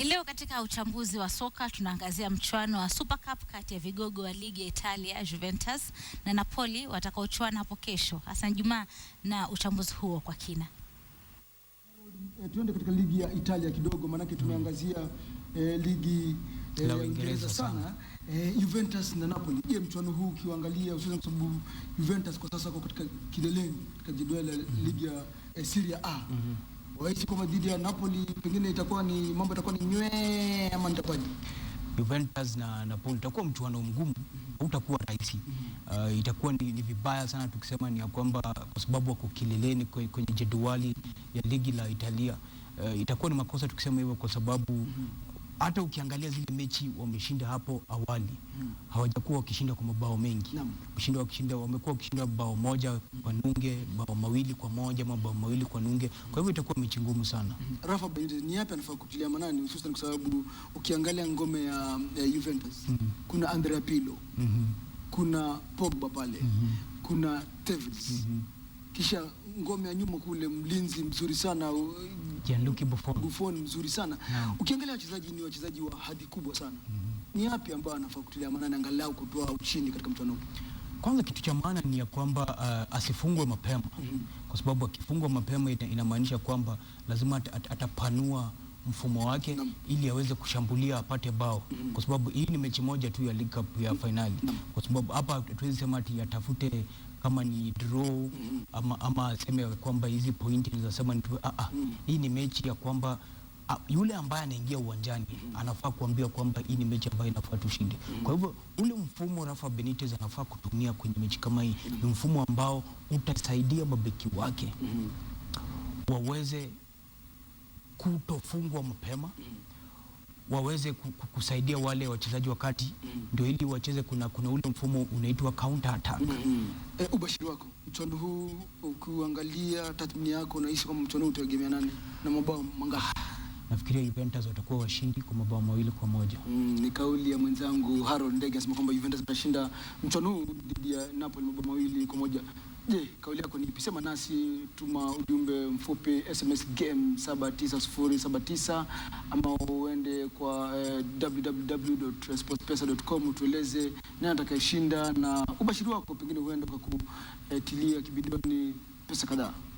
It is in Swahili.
Hii leo katika uchambuzi wa soka tunaangazia mchuano wa Super Cup kati ya vigogo wa ligi ya Italia Juventus na Napoli watakaochuana hapo kesho. Hassan Juma na uchambuzi huo kwa kina. E, eh, tuende katika ligi ya Italia kidogo maanake tumeangazia e, ligi e, la Uingereza sana, sana. E, Juventus na Napoli. Je, mchuano huu ukiangalia hususan kwa sababu Juventus kwa sasa kwa katika kileleni katika jedwali la ligi ya e, Serie A mm -hmm waishi kama dhidi ya Napoli, pengine itakuwa ni mambo itakuwa ni nywe ama nitakwaje? Juventus na Napoli itakuwa mchuano mgumu, hautakuwa rahisi. Uh, itakuwa ni, ni vibaya sana tukisema ni ya kwamba kwa sababu wako kileleni kwenye jedwali ya ligi la Italia. Uh, itakuwa ni makosa tukisema hivyo kwa sababu hata ukiangalia zile mechi wameshinda hapo awali hmm. hawajakuwa wakishinda kwa mabao mengi kushinda wakishinda, wamekuwa wakishinda bao moja kwa nunge, bao mawili kwa moja ama bao mawili kwa nunge, kwa hivyo itakuwa mechi ngumu sana hmm. Rafa Benitez ni yapi anafaa kutilia manani hususan kwa sababu ukiangalia ngome ya, ya Juventus hmm. kuna Andrea Pirlo hmm. kuna Pogba pale hmm. kuna Tevez hmm. kisha ngome ya nyuma kule mlinzi mzuri sana Gianluca Buffon. Buffon mzuri sana no. Ukiangalia wachezaji ni wachezaji wa hadhi kubwa sana mm -hmm. Ni yapi ambayo anafaa kutilia maana angalau kutoa ushindi katika mchuano huu? Kwanza kitu cha maana ni ya kwamba uh, asifungwe mapema mm -hmm. Kwa sababu akifungwa mapema inamaanisha kwamba lazima at, atapanua mfumo wake no. ili aweze kushambulia apate bao mm. kwa sababu hii ni mechi moja tu ya League Cup ya finali no. kwa sababu hapa tuwezi sema ati yatafute kama ni draw mm-hmm. ama, ama aseme kwamba hizi pointi tunasema ni ah, ah. Mm-hmm. hii ni mechi ya kwamba A, ah, yule ambaye anaingia uwanjani anafaa kuambia kwamba hii ni mechi ambayo inafaa tushinde. Kwa hivyo ule mfumo Rafa Benitez anafaa kutumia kwenye mechi kama hii ni mfumo ambao utasaidia mabeki wake waweze kutofungwa mapema waweze kusaidia wale wachezaji wakati ndio ili wacheze. Kuna, kuna ule mfumo unaitwa counter attack mm. E, ubashiri wako mchuano huu, ukiangalia tathmini yako unahisi kama mchuano huu utegemea nani na mabao mangapi? Nafikiria Juventus watakuwa washindi kwa mabao mawili kwa moja. Mm, ni kauli ya mwenzangu Harold Ndege anasema kwamba Juventus atashinda mchuano huu dhidi ya Napoli mabao mawili kwa moja. Je, kauli yako ni ipi? Sema nasi, tuma ujumbe mfupi SMS game 79079 ama uende kwa eh, www.sportpesa.com tueleze nani atakayeshinda na ubashiri wako, pengine huenda kwa kutilia eh, kibindoni pesa kadhaa.